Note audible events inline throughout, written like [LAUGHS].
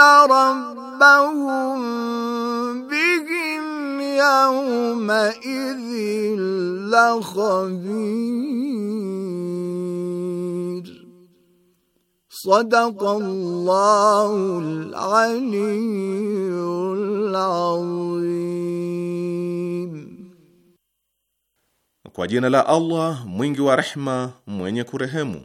ربهم بهم يومئذ لخبير صدق الله العلي العظيم Kwa jina la Allah mwingi wa rehma mwenye kurehemu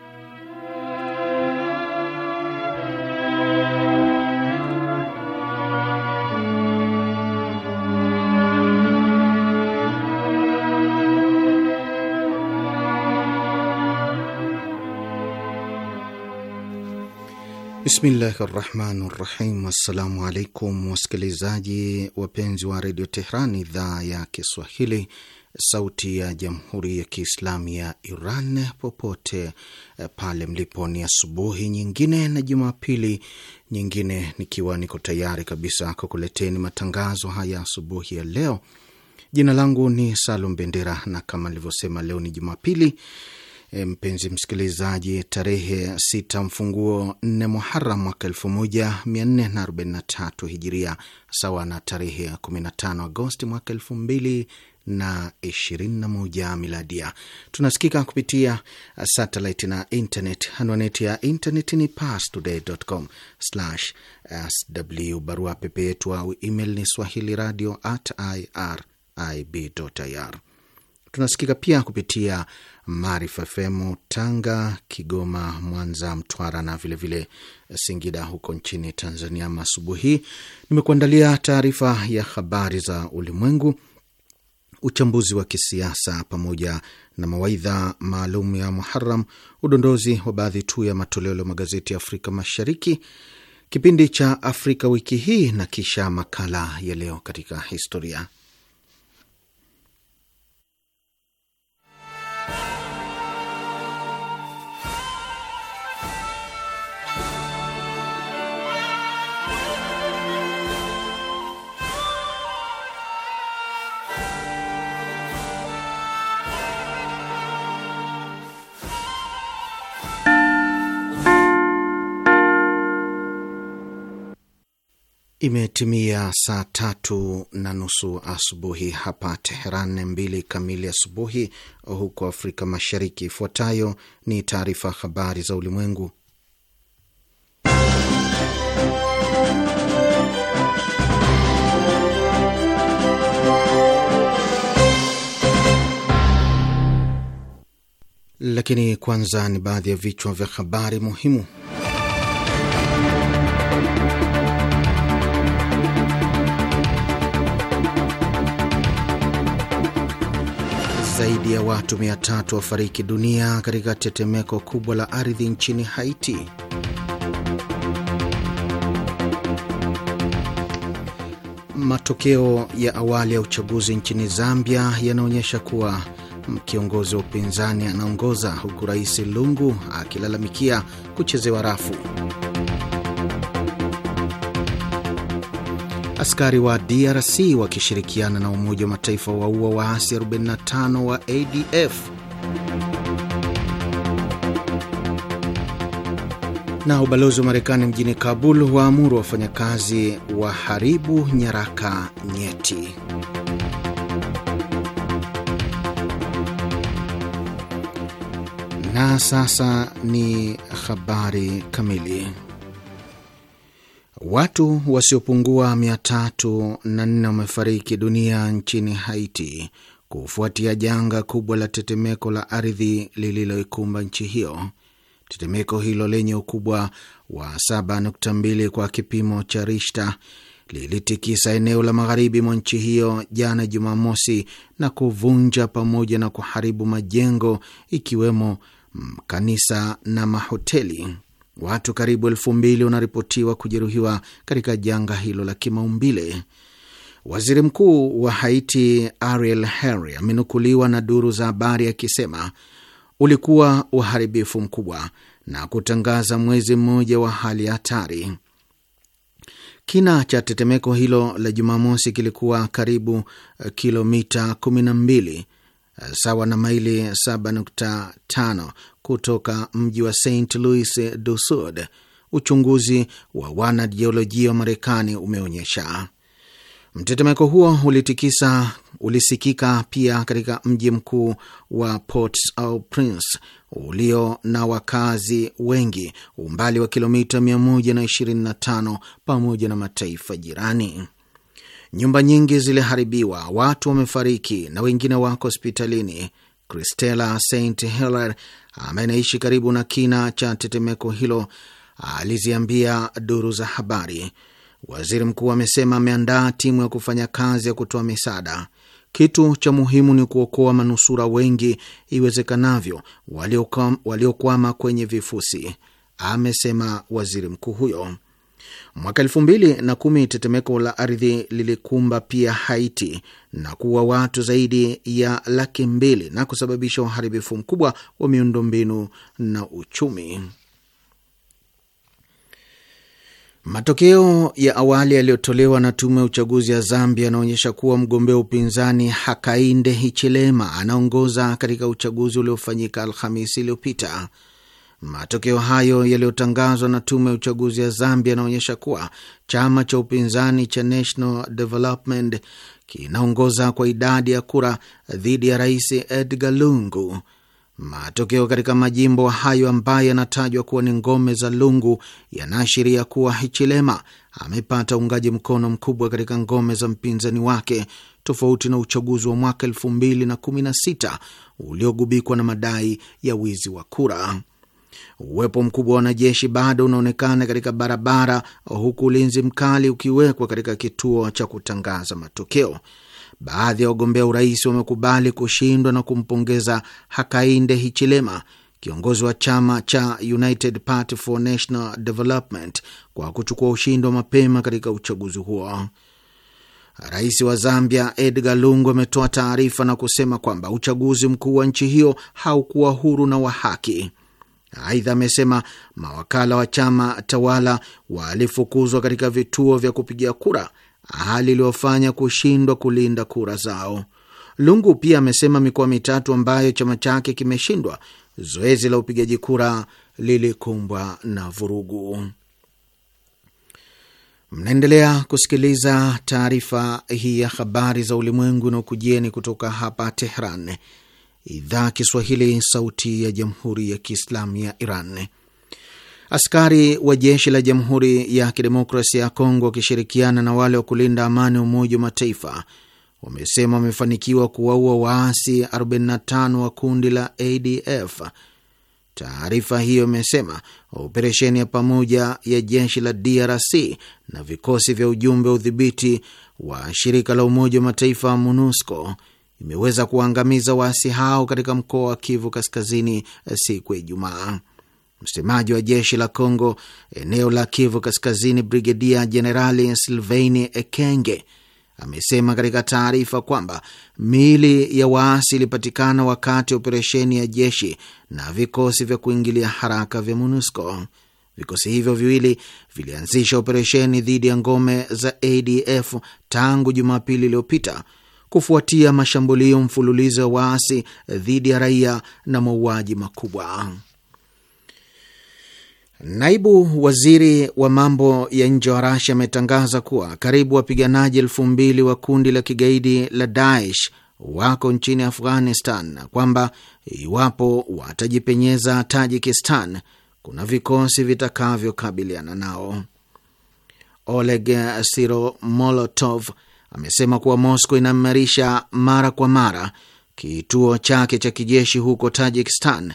Bismillahi rahmani rahim. Assalamu alaikum wasikilizaji wapenzi wa redio Tehran, idhaa ya Kiswahili, sauti ya jamhuri ya Kiislamu ya Iran, popote eh, pale mlipo. Ni asubuhi nyingine na Jumapili nyingine, nikiwa niko tayari kabisa kukuleteni matangazo haya asubuhi ya leo. Jina langu ni Salum Bendera, na kama nilivyosema, leo ni Jumapili E, mpenzi msikilizaji, tarehe sita mfunguo 4 Muharam mwaka 1443 Hijiria, sawa na tarehe 15 Agosti mwaka moja Miladia. Tunasikika kupitia satelit na internet. Anwani ya internet ni parstoday.com/sw. Barua pepe yetu au email ni swahili radio at irib.ir. Tunasikika pia kupitia Maarifa FM Tanga, Kigoma, Mwanza, Mtwara na vilevile vile Singida huko nchini Tanzania. Ama asubuhi hii nimekuandalia taarifa ya habari za ulimwengu, uchambuzi wa kisiasa, pamoja na mawaidha maalum ya Muharam, udondozi wa baadhi tu ya matoleo ya magazeti ya Afrika Mashariki, kipindi cha Afrika wiki hii na kisha makala ya leo katika historia. Imetimia saa tatu na nusu asubuhi hapa Teheran, mbili kamili asubuhi huko Afrika Mashariki. Ifuatayo ni taarifa habari za ulimwengu, lakini kwanza ni baadhi ya vichwa vya habari muhimu. ya watu 3 wafariki dunia katika tetemeko kubwa la ardhi nchini Haiti. Matokeo ya awali ya uchaguzi nchini Zambia yanaonyesha kuwa kiongozi wa upinzani anaongoza huku Rais Lungu akilalamikia kuchezewa rafu. Askari wa DRC wakishirikiana na Umoja wa Mataifa waua waasi 45 wa ADF na ubalozi wa Marekani mjini Kabul waamuru wafanyakazi waharibu nyaraka nyeti. Na sasa ni habari kamili. Watu wasiopungua mia tatu na nne wamefariki dunia nchini Haiti kufuatia janga kubwa la tetemeko la ardhi lililoikumba nchi hiyo. Tetemeko hilo lenye ukubwa wa 7.2 kwa kipimo cha Rishta lilitikisa eneo la magharibi mwa nchi hiyo jana Jumamosi na kuvunja pamoja na kuharibu majengo ikiwemo kanisa na mahoteli. Watu karibu elfu mbili wanaripotiwa kujeruhiwa katika janga hilo la kimaumbile. Waziri mkuu wa Haiti Ariel Henry amenukuliwa na duru za habari akisema ulikuwa uharibifu mkubwa na kutangaza mwezi mmoja wa hali ya hatari. Kina cha tetemeko hilo la Jumamosi kilikuwa karibu kilomita 12 Eh, sawa na maili 7.5 kutoka mji wa St Louis du Sud. Uchunguzi wa wanajiolojia wa Marekani umeonyesha mtetemeko huo ulitikisa ulisikika pia katika mji mkuu wa Port au Prince ulio na wakazi wengi, umbali wa kilomita 125 pamoja na mataifa jirani. Nyumba nyingi ziliharibiwa, watu wamefariki na wengine wako hospitalini. Cristela St Heller ambaye anaishi karibu na kina cha tetemeko hilo aliziambia duru za habari. Waziri mkuu amesema ameandaa timu ya kufanya kazi ya kutoa misaada. Kitu cha muhimu ni kuokoa manusura wengi iwezekanavyo, waliokwama kwenye vifusi, amesema waziri mkuu huyo. Mwaka elfu mbili na kumi tetemeko la ardhi lilikumba pia Haiti na kuua watu zaidi ya laki mbili na kusababisha uharibifu mkubwa wa miundombinu na uchumi. Matokeo ya awali yaliyotolewa na tume ya uchaguzi ya Zambia yanaonyesha kuwa mgombea upinzani Hakainde Hichilema anaongoza katika uchaguzi uliofanyika Alhamisi iliyopita. Matokeo hayo yaliyotangazwa na tume ya uchaguzi ya Zambia yanaonyesha kuwa chama cha upinzani cha National Development kinaongoza kwa idadi ya kura dhidi ya Rais Edgar Lungu. Matokeo katika majimbo hayo ambayo yanatajwa kuwa ni ngome za Lungu yanaashiria kuwa Hichilema amepata uungaji mkono mkubwa katika ngome za mpinzani wake, tofauti na uchaguzi wa mwaka elfu mbili na kumi na sita uliogubikwa na madai ya wizi wa kura. Uwepo mkubwa wa wanajeshi bado unaonekana katika barabara, huku ulinzi mkali ukiwekwa katika kituo cha kutangaza matokeo. Baadhi ya wagombea urais wamekubali kushindwa na kumpongeza Hakainde Hichilema, kiongozi wa chama cha United Party for National Development kwa kuchukua ushindi wa mapema katika uchaguzi huo. Rais wa Zambia Edgar Lungu ametoa taarifa na kusema kwamba uchaguzi mkuu wa nchi hiyo haukuwa huru na wa haki. Aidha, amesema mawakala wa chama tawala walifukuzwa katika vituo vya kupigia kura, hali iliyofanya kushindwa kulinda kura zao. Lungu pia amesema mikoa mitatu ambayo chama chake kimeshindwa, zoezi la upigaji kura lilikumbwa na vurugu. Mnaendelea kusikiliza taarifa hii ya habari za ulimwengu na ukujieni kutoka hapa Tehran, idhaa Kiswahili, sauti ya jamhuri ya kiislamu ya Iran. Askari wa jeshi la jamhuri ya kidemokrasia ya Kongo wakishirikiana na wale wa kulinda amani wa Umoja wa Mataifa wamesema wamefanikiwa kuwaua waasi 45 wa kundi la ADF. Taarifa hiyo imesema operesheni ya pamoja ya jeshi la DRC na vikosi vya ujumbe wa udhibiti wa shirika la Umoja wa Mataifa MONUSCO imeweza kuwaangamiza waasi hao katika mkoa wa Kivu Kaskazini eh, siku ya Ijumaa. Msemaji wa jeshi la congo eneo la Kivu Kaskazini, Brigedia Jenerali Silvaini Ekenge amesema katika taarifa kwamba miili ya waasi ilipatikana wakati operesheni ya jeshi na vikosi vya kuingilia haraka vya MONUSCO. Vikosi hivyo viwili vilianzisha operesheni dhidi ya ngome za ADF tangu Jumapili iliyopita kufuatia mashambulio mfululizo ya waasi dhidi ya raia na mauaji makubwa. Naibu waziri wa mambo ya nje wa Rasia ametangaza kuwa karibu wapiganaji elfu mbili wa kundi la kigaidi la Daesh wako nchini Afghanistan na kwamba iwapo watajipenyeza Tajikistan kuna vikosi vitakavyokabiliana nao. Oleg Siromolotov Molotov amesema kuwa Moscow inaimarisha mara kwa mara kituo chake cha kijeshi huko Tajikistan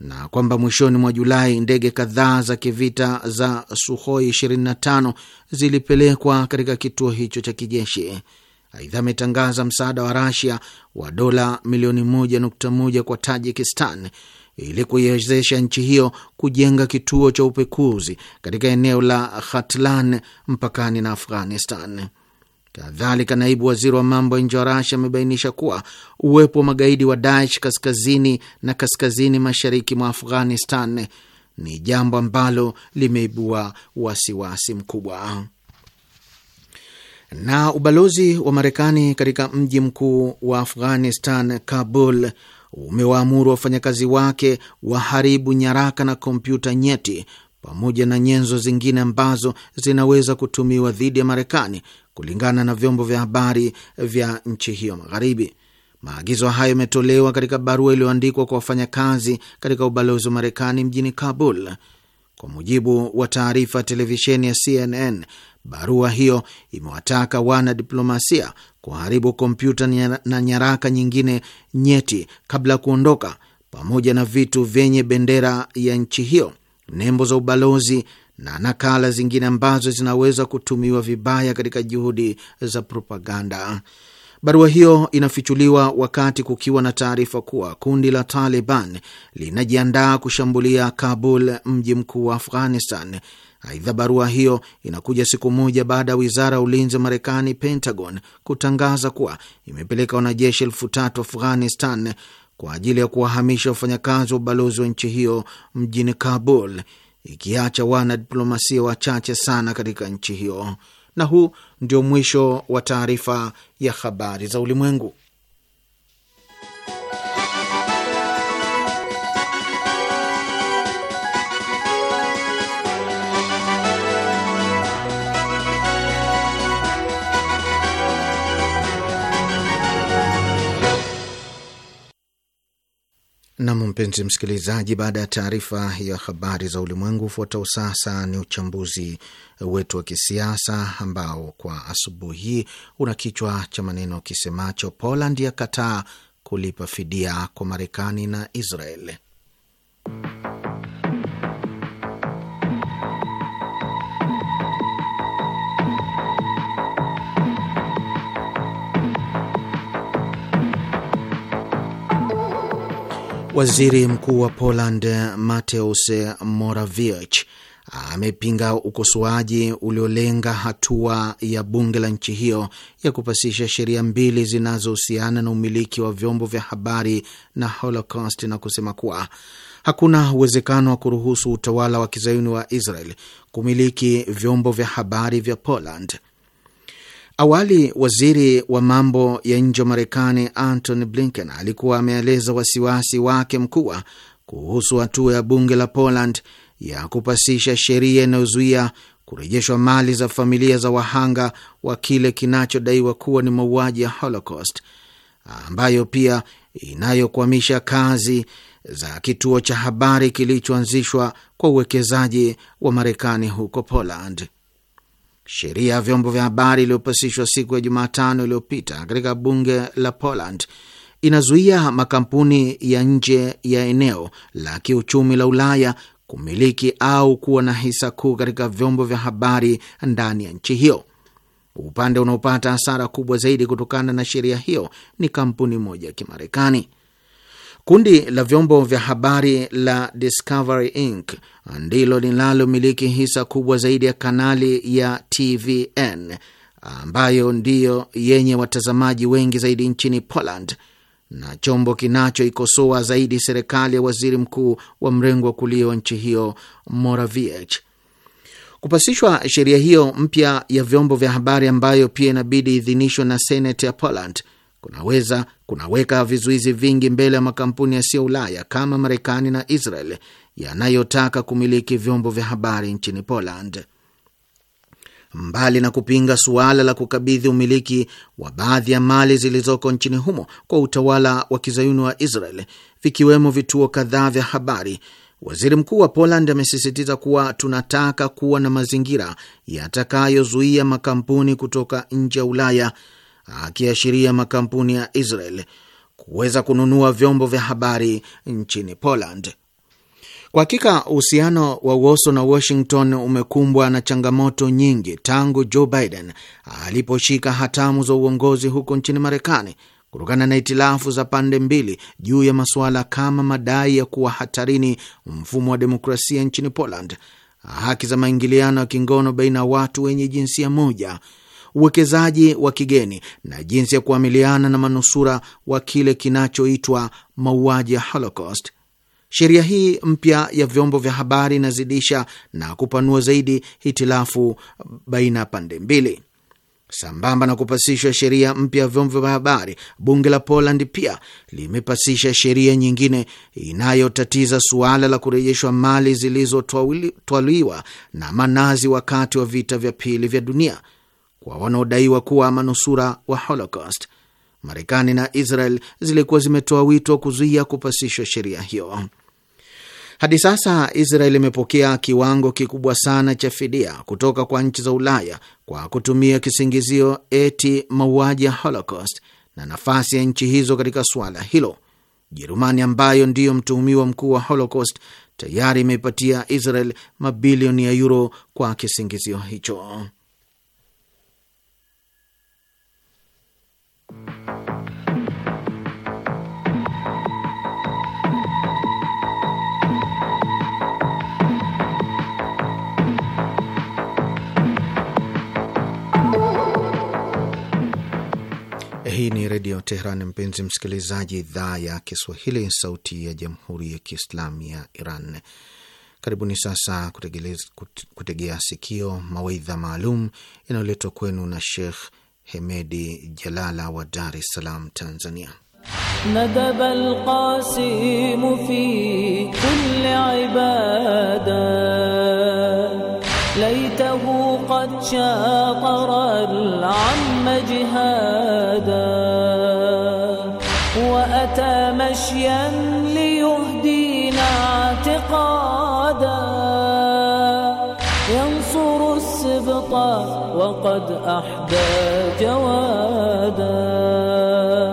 na kwamba mwishoni mwa Julai ndege kadhaa za kivita za Suhoi 25 zilipelekwa katika kituo hicho cha kijeshi. Aidha, ametangaza msaada wa Rasia wa dola milioni 1.1 kwa Tajikistan ili kuiwezesha nchi hiyo kujenga kituo cha upekuzi katika eneo la Khatlan mpakani na Afghanistan. Kadhalika, naibu waziri wa mambo ya nje wa Rasia amebainisha kuwa uwepo wa magaidi wa Daesh kaskazini na kaskazini mashariki mwa Afghanistan ni jambo ambalo limeibua wasiwasi mkubwa. Na ubalozi wa Marekani katika mji mkuu wa Afghanistan, Kabul, umewaamuru wafanyakazi wake waharibu nyaraka na kompyuta nyeti pamoja na nyenzo zingine ambazo zinaweza kutumiwa dhidi ya Marekani kulingana na vyombo vya habari vya nchi hiyo magharibi. Maagizo hayo yametolewa katika barua iliyoandikwa kwa wafanyakazi katika ubalozi wa Marekani mjini Kabul. Kwa mujibu wa taarifa ya televisheni ya CNN, barua hiyo imewataka wanadiplomasia kuharibu kompyuta na nyaraka nyingine nyeti kabla ya kuondoka, pamoja na vitu vyenye bendera ya nchi hiyo, nembo za ubalozi na nakala zingine ambazo zinaweza kutumiwa vibaya katika juhudi za propaganda. Barua hiyo inafichuliwa wakati kukiwa na taarifa kuwa kundi la Taliban linajiandaa kushambulia Kabul, mji mkuu wa Afghanistan. Aidha, barua hiyo inakuja siku moja baada ya wizara ya ulinzi wa Marekani, Pentagon, kutangaza kuwa imepeleka wanajeshi elfu tatu Afghanistan kwa ajili ya kuwahamisha wafanyakazi wa ubalozi wa nchi hiyo mjini Kabul ikiacha wanadiplomasia wachache sana katika nchi hiyo. Na huu ndio mwisho wa taarifa ya habari za ulimwengu. Nam, mpenzi msikilizaji, baada ya taarifa ya habari za ulimwengu, ufuatao sasa ni uchambuzi wetu wa kisiasa ambao kwa asubuhi hii una kichwa cha maneno kisemacho Poland yakataa kulipa fidia kwa Marekani na Israel. Waziri Mkuu wa Poland Mateusz Morawiecki amepinga ukosoaji uliolenga hatua ya bunge la nchi hiyo ya kupasisha sheria mbili zinazohusiana na umiliki wa vyombo vya habari na Holocaust na kusema kuwa hakuna uwezekano wa kuruhusu utawala wa kizayuni wa Israel kumiliki vyombo vya habari vya Poland. Awali waziri wa mambo ya nje wa Marekani Antony Blinken alikuwa ameeleza wasiwasi wake mkubwa kuhusu hatua ya bunge la Poland ya kupasisha sheria inayozuia kurejeshwa mali za familia za wahanga wa kile kinachodaiwa kuwa ni mauaji ya Holocaust, ambayo pia inayokwamisha kazi za kituo cha habari kilichoanzishwa kwa uwekezaji wa Marekani huko Poland. Sheria ya vyombo vya habari iliyopasishwa siku ya Jumatano iliyopita katika bunge la Poland inazuia makampuni ya nje ya eneo la kiuchumi la Ulaya kumiliki au kuwa na hisa kuu katika vyombo vya habari ndani ya nchi hiyo. Upande unaopata hasara kubwa zaidi kutokana na sheria hiyo ni kampuni moja ya Kimarekani. Kundi la vyombo vya habari la Discovery Inc ndilo linalomiliki hisa kubwa zaidi ya kanali ya TVN ambayo ndiyo yenye watazamaji wengi zaidi nchini Poland na chombo kinachoikosoa zaidi serikali ya waziri mkuu wa mrengo wa kulia wa nchi hiyo Morawiecki. Kupasishwa sheria hiyo mpya ya vyombo vya habari ambayo pia inabidi idhinishwe na seneti ya Poland kunaweza kunaweka vizuizi vingi mbele ya makampuni yasiyo Ulaya kama Marekani na Israel yanayotaka kumiliki vyombo vya habari nchini Poland. Mbali na kupinga suala la kukabidhi umiliki wa baadhi ya mali zilizoko nchini humo kwa utawala wa kizayuni wa Israel, vikiwemo vituo kadhaa vya habari, waziri mkuu wa Poland amesisitiza kuwa tunataka kuwa na mazingira yatakayozuia makampuni kutoka nje ya Ulaya akiashiria makampuni ya Israel kuweza kununua vyombo vya habari nchini Poland. Kwa hakika uhusiano wa Woso na Washington umekumbwa na changamoto nyingi tangu Joe Biden aliposhika hatamu za uongozi huko nchini Marekani, kutokana na itilafu za pande mbili juu ya masuala kama madai ya kuwa hatarini mfumo wa demokrasia nchini Poland, haki za maingiliano ya kingono baina ya watu wenye jinsia moja, uwekezaji wa kigeni na jinsi ya kuamiliana na manusura wa kile kinachoitwa mauaji ya Holocaust. Sheria hii mpya ya vyombo vya habari inazidisha na kupanua zaidi hitilafu baina ya pande mbili. Sambamba na kupasishwa sheria mpya ya vyombo vya habari, bunge la Poland pia limepasisha sheria nyingine inayotatiza suala la kurejeshwa mali zilizotwaliwa na manazi wakati wa vita vya pili vya dunia wa wanaodaiwa kuwa manusura wa Holocaust. Marekani na Israel zilikuwa zimetoa wito wa kuzuia kupasishwa sheria hiyo. Hadi sasa Israel imepokea kiwango kikubwa sana cha fidia kutoka kwa nchi za Ulaya kwa kutumia kisingizio eti mauaji ya Holocaust na nafasi ya nchi hizo katika suala hilo. Jerumani ambayo ndiyo mtuhumiwa mkuu wa Holocaust tayari imeipatia Israel mabilioni ya yuro kwa kisingizio hicho. Hii ni Redio Teheran, mpenzi msikilizaji, idhaa ya Kiswahili, sauti ya jamhuri ya kiislamu ya Iran. Karibuni sasa kutegea sikio mawaidha maalum yanayoletwa kwenu na Sheikh Hemedi Jalala wa Dar es Salaam, Tanzania. ليته قد شاطر العم جهادا وأتى مشيا ليهدينا اعتقادا ينصر السبط وقد أحدى جوادا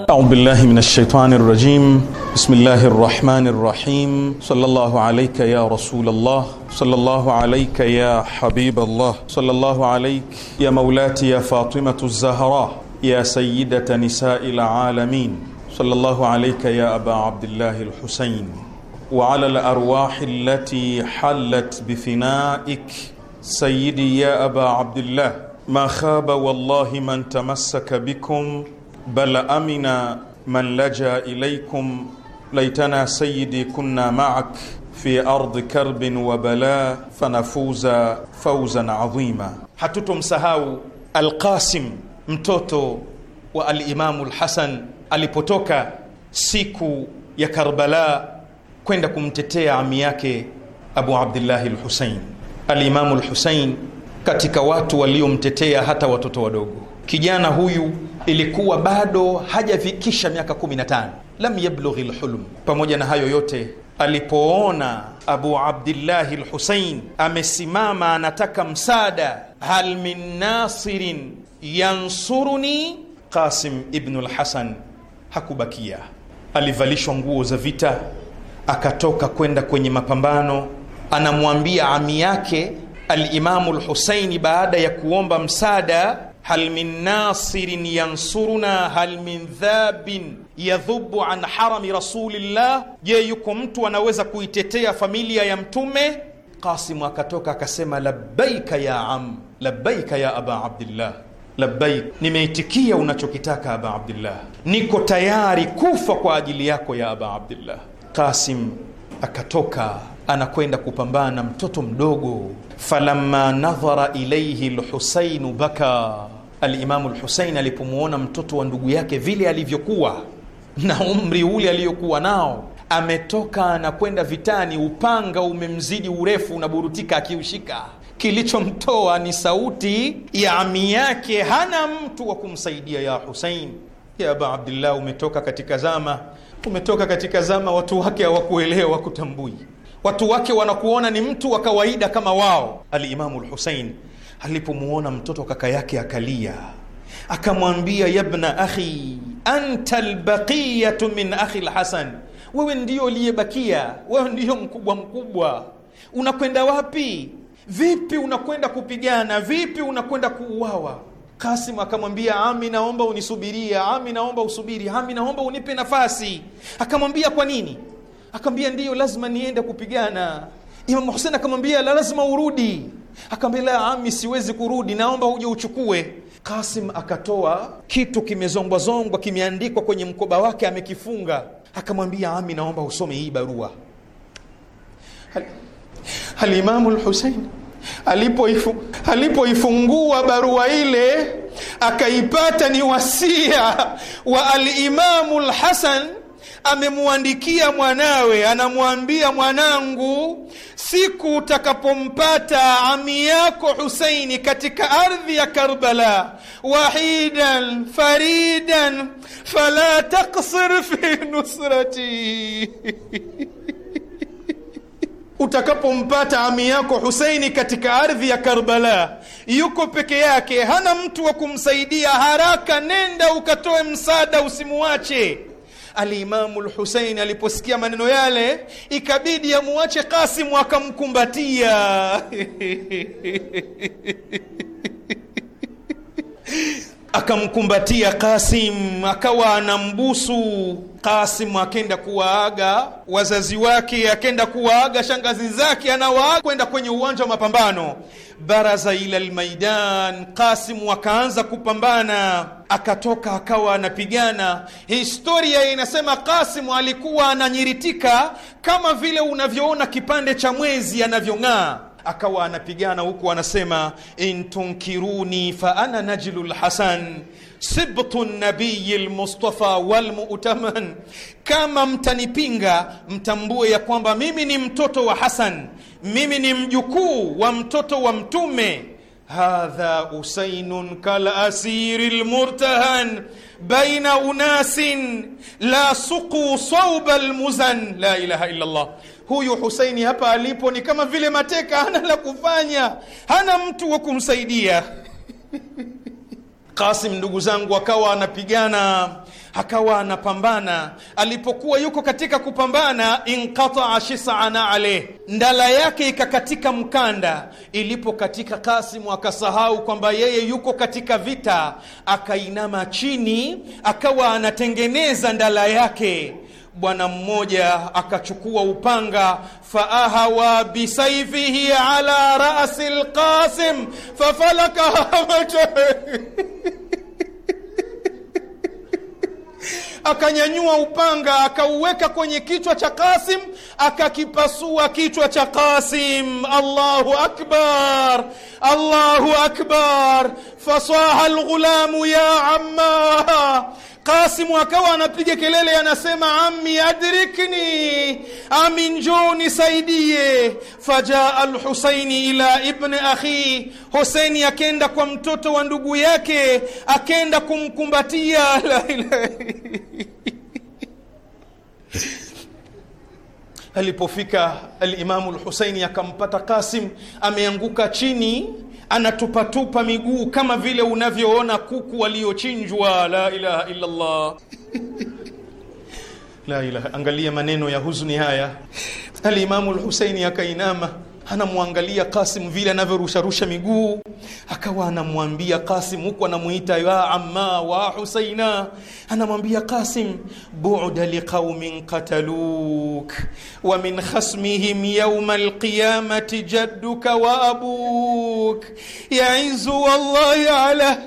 أعوذ بالله من الشيطان الرجيم بسم الله الرحمن الرحيم صلى الله عليك يا رسول الله صلى الله عليك يا حبيب الله صلى الله عليك يا مولاتي يا فاطمه الزهراء يا سيده نساء العالمين صلى الله عليك يا ابا عبد الله الحسين وعلى الارواح التي حلت بفنائك سيدي يا ابا عبد الله ما خاب والله من تمسك بكم بل امن من لجا اليكم laitana sayyidi kunna ma'ak fi ardi karbin wa bala fanafuza fawzan adhima. Hatutomsahau Alqasim mtoto wa Alimamu Lhasan alipotoka siku ya Karbala kwenda kumtetea ami yake Abu Abdillahi Lhusain. Alimamu Lhusain katika watu waliomtetea hata watoto wadogo. Kijana huyu ilikuwa bado hajafikisha miaka 15 lam yablughi lhulm. Pamoja na hayo yote, alipoona Abu Abdillahi Lhusain amesimama anataka msaada, hal min nasirin yansuruni, Qasim ibnu Lhasan hakubakia. Alivalishwa nguo za vita, akatoka kwenda kwenye mapambano. Anamwambia ami yake Alimamu lhuseini baada ya kuomba msaada hal min nasirin yansuruna hal min dhabin yadhubu an harami rasulillah, je, yuko mtu anaweza kuitetea familia ya Mtume? Qasimu akatoka akasema, labbaika ya am, labbaika ya aba abdillah Labbaik, nimeitikia unachokitaka aba Abdillah, niko tayari kufa kwa ajili yako ya aba Abdillah. Qasim akatoka anakwenda kupambana na mtoto mdogo. falamma nadhara ilayhi lhusainu bakaa Alimamu Lhusein alipomwona mtoto wa ndugu yake vile alivyokuwa na umri ule aliyokuwa nao, ametoka na kwenda vitani, upanga umemzidi urefu, unaburutika akiushika. Kilichomtoa ni sauti ya ami yake, hana mtu wa kumsaidia. Ya Husein, ya Aba Abdillah, umetoka katika zama, umetoka katika zama watu wake hawakuelewa, wakutambui, watu wake wanakuona ni mtu wa kawaida kama wao. Alimamu Lhusein Alipomwona mtoto kaka yake akalia, akamwambia yabna akhi anta lbaqiyatu min akhi lhasan, wewe ndio uliyebakia, wewe ndiyo mkubwa mkubwa. Unakwenda wapi? Vipi unakwenda kupigana? Vipi unakwenda kuuawa? Kasim akamwambia ami, naomba unisubiria. Ami, naomba usubiri. Ami, naomba unipe nafasi. Akamwambia kwa nini? Akamwambia ndiyo, lazima niende kupigana. Imamu Husein akamwambia la, lazima urudi Akamwambia, la ami, siwezi kurudi, naomba uje uchukue. Kasim akatoa kitu kimezongwazongwa, kimeandikwa kwenye mkoba wake, amekifunga. Akamwambia, ami, naomba usome hii barua. Alimamu Lhusein alipoifu, alipoifungua barua ile akaipata ni wasia wa Alimamu Lhasan amemwandikia mwanawe, anamwambia mwanangu, siku utakapompata ami yako huseini katika ardhi ya Karbala, wahidan faridan, fala taksir fi nusrati [LAUGHS] Utakapompata ami yako huseini katika ardhi ya Karbala, yuko peke yake, hana mtu wa kumsaidia, haraka nenda ukatoe msaada, usimuache alimamu lhusein aliposikia maneno yale ikabidi amuache kasimu akamkumbatia [LAUGHS] akamkumbatia Kasim, akawa anambusu Kasim. Akenda kuwaaga wazazi wake, akenda kuwaaga shangazi zake, anawaaga kwenda kwenye uwanja wa mapambano baraza ila almaidan. Qasim akaanza kupambana, akatoka akawa anapigana. Historia inasema Qasim alikuwa ananyiritika kama vile unavyoona kipande cha mwezi anavyong'aa akawa anapigana huku anasema, intunkiruni fa ana najlu lhasan sibtu nabiyi lmustafa walmutaman, kama mtanipinga mtambue ya kwamba mimi ni mtoto wa Hasan mimi ni mjukuu wa mtoto wa mtume hadha usainun kal asiri lmurtahan baina unasin la suquu sauba lmuzan. La ilaha illa llah Huyu Husaini hapa alipo ni kama vile mateka, hana la kufanya, hana mtu wa kumsaidia [LAUGHS] Qasim ndugu zangu, akawa anapigana akawa anapambana. Alipokuwa yuko katika kupambana, inqataa shisana aleh, ndala yake ikakatika mkanda. Ilipokatika, Kasimu akasahau kwamba yeye yuko katika vita, akainama chini, akawa anatengeneza ndala yake bwana mmoja akachukua upanga, faahawa bisaifihi ala rasi lqasim fafalaka [LAUGHS] akanyanyua upanga akauweka kwenye kichwa cha kasim akakipasua kichwa cha Qasim. Allahu akbar, Allahu akbar! fasaha lghulamu ya amma Kasimu akawa anapiga kelele, anasema ammi adrikni, ami njoo nisaidie. Fajaa alhusaini ila ibni akhi, Husaini akenda kwa mtoto wa ndugu yake, akenda kumkumbatia. [LAUGHS] La ilaha alipofika alimamu lhuseini akampata Kasim ameanguka chini anatupatupa miguu kama vile unavyoona kuku waliochinjwa. La ilaha illa Allah. La ilaha. Angalia maneno ya huzuni haya. Alimamu Lhuseini akainama anamwangalia Kasim vile anavyorusharusha miguu, akawa anamwambia Kasim, huku anamuita ya amma wa Husaina, anamwambia Kasim, bu'da liqaumin qataluk wa min khasmihim yawma alqiyamati jadduka wa abuk ya'izu wallahi ala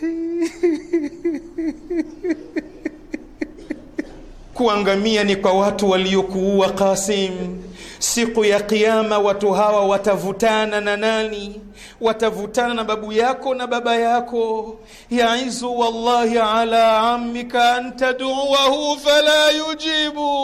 [LAUGHS] kuangamia ni kwa watu waliokuua Kasim siku ya Kiyama watu hawa watavutana na nani? Watavutana na babu yako na baba yako. Yaizu wallahi ala amika an taduahu fala yujibu [LAUGHS]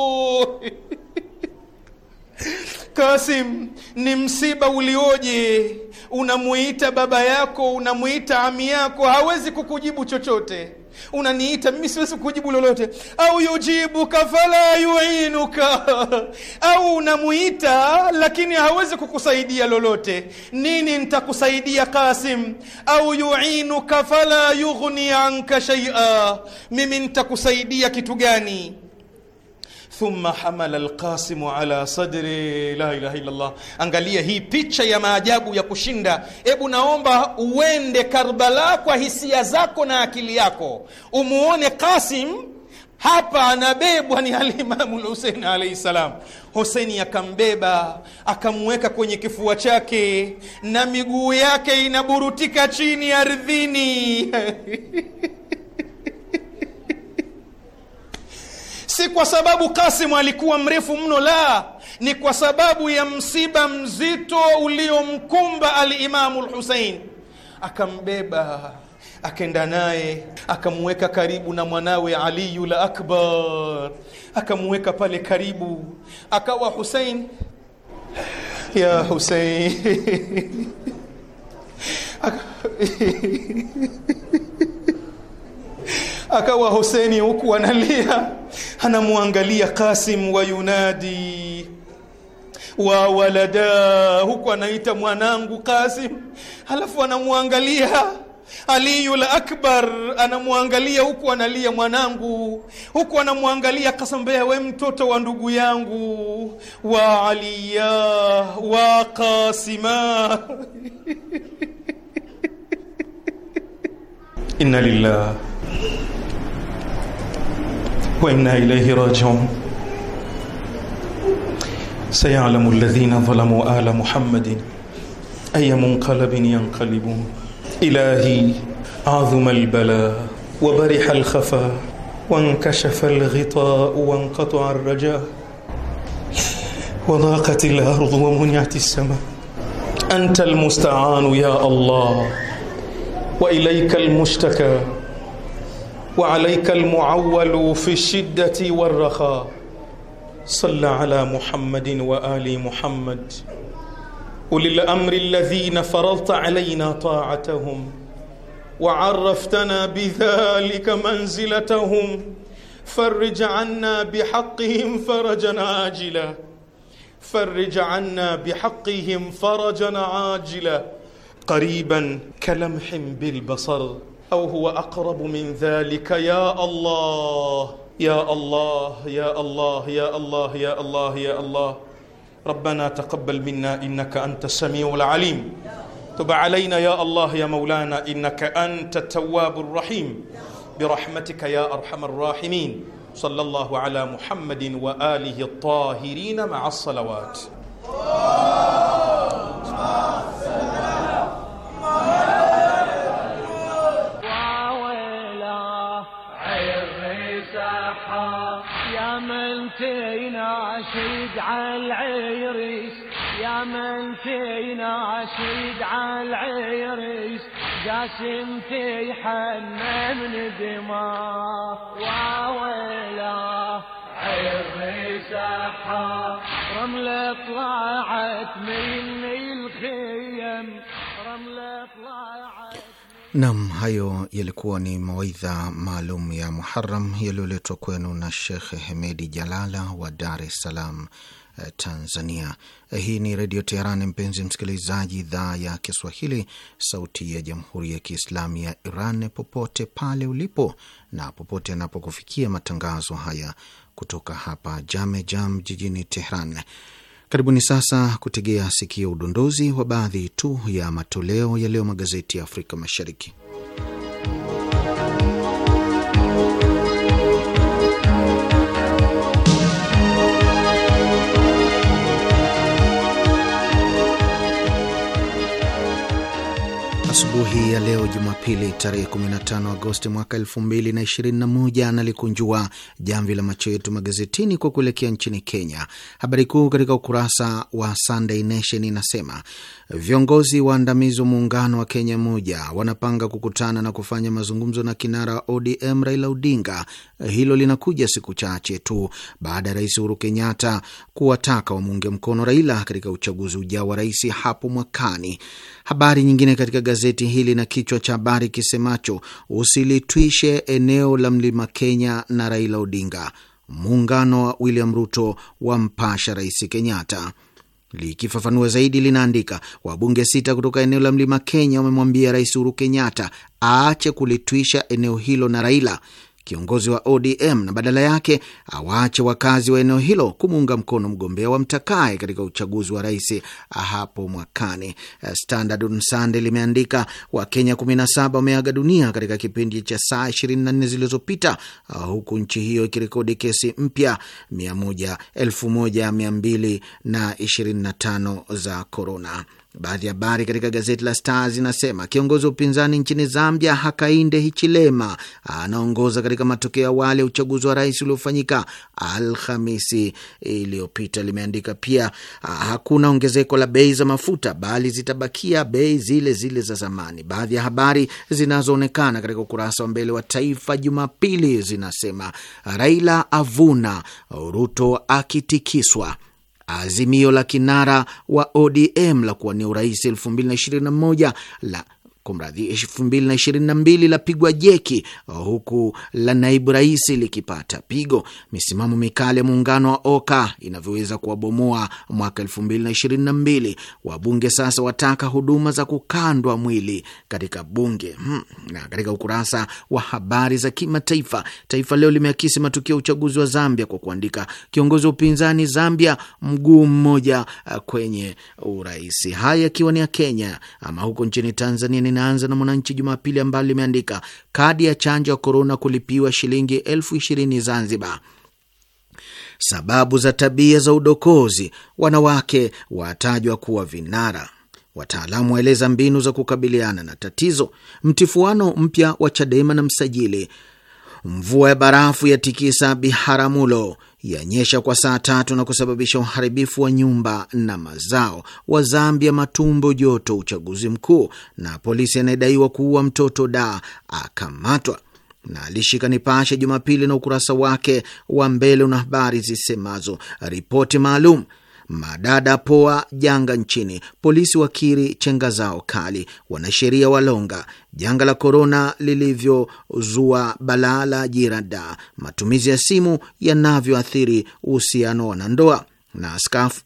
Kasim, ni msiba ulioje! Unamuita baba yako, unamuita ami yako, hawezi kukujibu chochote unaniita mimi siwezi kujibu lolote au yujibuka fala yuinuka au unamuita lakini hawezi kukusaidia lolote nini nitakusaidia Kasim au yuinuka fala yughni anka shaia mimi nitakusaidia kitu gani thumma hamala alqasimu ala sadri la ilaha illallah. Angalia hii picha ya maajabu ya kushinda. Hebu naomba uende Karbala kwa hisia zako na akili yako, umuone Qasim hapa anabebwa ni alimamu Lhusein alaihi salam. hoseni akambeba akamweka kwenye kifua chake na miguu yake inaburutika chini ardhini [LAUGHS] si kwa sababu kasimu alikuwa mrefu mno, la, ni kwa sababu ya msiba mzito uliomkumba alimamu Lhusein. Akambeba, akenda naye, akamweka karibu na mwanawe Aliyu l Akbar, akamweka pale karibu, akawa Husein ya Husein [LAUGHS] [LAUGHS] akawa Hoseni huku analia anamwangalia Kasim wa yunadi wa walada huku anaita mwanangu Kasim halafu anamwangalia Aliyu Akbar anamwangalia huku analia mwanangu, huku anamwangalia Kasambea, we mtoto wa ndugu yangu wa Aliya wa Kasima [LAUGHS] inna lillah وإنا إليه راجعون سيعلم الذين ظلموا آل محمد أي منقلب ينقلبون إلهي عظم البلاء وبرح الخفاء وانكشف الغطاء وانقطع الرجاء وضاقت الأرض ومنعت السماء أنت المستعان يا الله وإليك المشتكى وعليك المعول في الشدة والرخاء صل على محمد وآل محمد أولي الأمر الذين فرضت علينا طاعتهم وعرفتنا بذلك منزلتهم فرج عنا بحقهم فرجا عاجلا فرج عنا بحقهم فرجا عاجلا قريبا كلمح بالبصر أو هو أقرب من ذلك يا الله يا الله يا الله يا الله يا الله يا الله ربنا تقبل منا إنك أنت السميع العليم تب علينا يا الله يا مولانا إنك أنت التواب الرحيم برحمتك يا أرحم الراحمين صلى الله على محمد وآله الطاهرين مع الصلوات مع يا من فينا شيد على العيريس يا من فينا شيد على العيريس جاسم تيحنن من دماء وويلا عيريس أحا رملة طلعت من الخيم رملة طلعت Nam, hayo yalikuwa ni mawaidha maalum ya Muharam yaliyoletwa kwenu na Shekh Hemedi Jalala wa Dar es Salaam, eh, Tanzania. Eh, hii ni Redio Teheran, mpenzi msikilizaji, idhaa ya Kiswahili, sauti ya Jamhuri ya Kiislamu ya Iran, popote pale ulipo na popote anapokufikia matangazo haya kutoka hapa Jame Jam jijini Teheran. Karibuni sasa kutegea sikio udondozi wa baadhi tu ya matoleo ya leo magazeti ya Afrika Mashariki. Asubuhi ya leo Jumapili, tarehe 15 Agosti mwaka 2021, nalikunjua jamvi la macho yetu magazetini kwa kuelekea nchini Kenya. Habari kuu katika ukurasa wa Sunday Nation inasema Viongozi waandamizi wa muungano wa Kenya moja wanapanga kukutana na kufanya mazungumzo na kinara wa ODM Raila Odinga. Hilo linakuja siku chache tu baada ya Rais Uhuru Kenyatta kuwataka wamuunge mkono Raila katika uchaguzi ujao wa rais hapo mwakani. Habari nyingine katika gazeti hili na kichwa cha habari kisemacho usilitwishe eneo la mlima Kenya na Raila Odinga, muungano wa William Ruto wampasha Rais Kenyatta. Likifafanua zaidi, linaandika wabunge sita kutoka eneo la mlima Kenya wamemwambia Rais Uhuru Kenyatta aache kulitwisha eneo hilo na Raila kiongozi wa ODM na badala yake awaache wakazi wa eneo hilo kumuunga mkono mgombea wa mtakae katika uchaguzi wa rais hapo mwakani. Standard Sunday limeandika Wakenya 17 wameaga dunia katika kipindi cha saa 24 zilizopita, huku nchi hiyo ikirekodi kesi mpya 1225 za korona. Baadhi ya habari katika gazeti la Star zinasema kiongozi wa upinzani nchini Zambia Hakainde Hichilema anaongoza katika matokeo ya awali ya uchaguzi wa rais uliofanyika Alhamisi iliyopita. Limeandika pia hakuna ongezeko la bei za mafuta, bali zitabakia bei zile zile za zamani. Baadhi ya habari zinazoonekana katika ukurasa wa mbele wa Taifa Jumapili zinasema Raila avuna, Ruto akitikiswa azimio la kinara wa ODM la kuwania urais 2021 la kumradhi, elfu mbili na ishirini na mbili lapigwa jeki, huku la naibu rais likipata pigo. Misimamo mikali ya muungano wa OKA inavyoweza kuwabomoa mwaka elfu mbili na ishirini na mbili. Wabunge sasa wataka huduma za kukandwa mwili katika bunge hmm. Na katika ukurasa wa habari za kimataifa, Taifa Leo limeakisi matukio ya uchaguzi wa Zambia kwa kuandika kiongozi wa upinzani Zambia mguu mmoja uh, kwenye urais. Haya akiwa ni ya Kenya. Ama huko nchini Tanzania ni linaanza na Mwananchi Jumapili ambalo limeandika kadi ya chanjo ya korona kulipiwa shilingi elfu ishirini Zanzibar. Sababu za tabia za udokozi, wanawake watajwa kuwa vinara. Wataalamu waeleza mbinu za kukabiliana na tatizo. Mtifuano mpya wa Chadema na msajili. Mvua ya barafu ya tikisa Biharamulo yanyesha kwa saa tatu na kusababisha uharibifu wa nyumba na mazao. Wazambia matumbo joto uchaguzi mkuu, na polisi anayedaiwa kuua mtoto da akamatwa na alishika Nipashe Jumapili na ukurasa wake wa mbele una habari zisemazo ripoti maalum Madada poa janga nchini, polisi wakiri chenga zao kali, wanasheria walonga, janga la korona lilivyozua balaa la ajira da, matumizi ya simu yanavyoathiri uhusiano wa wanandoa na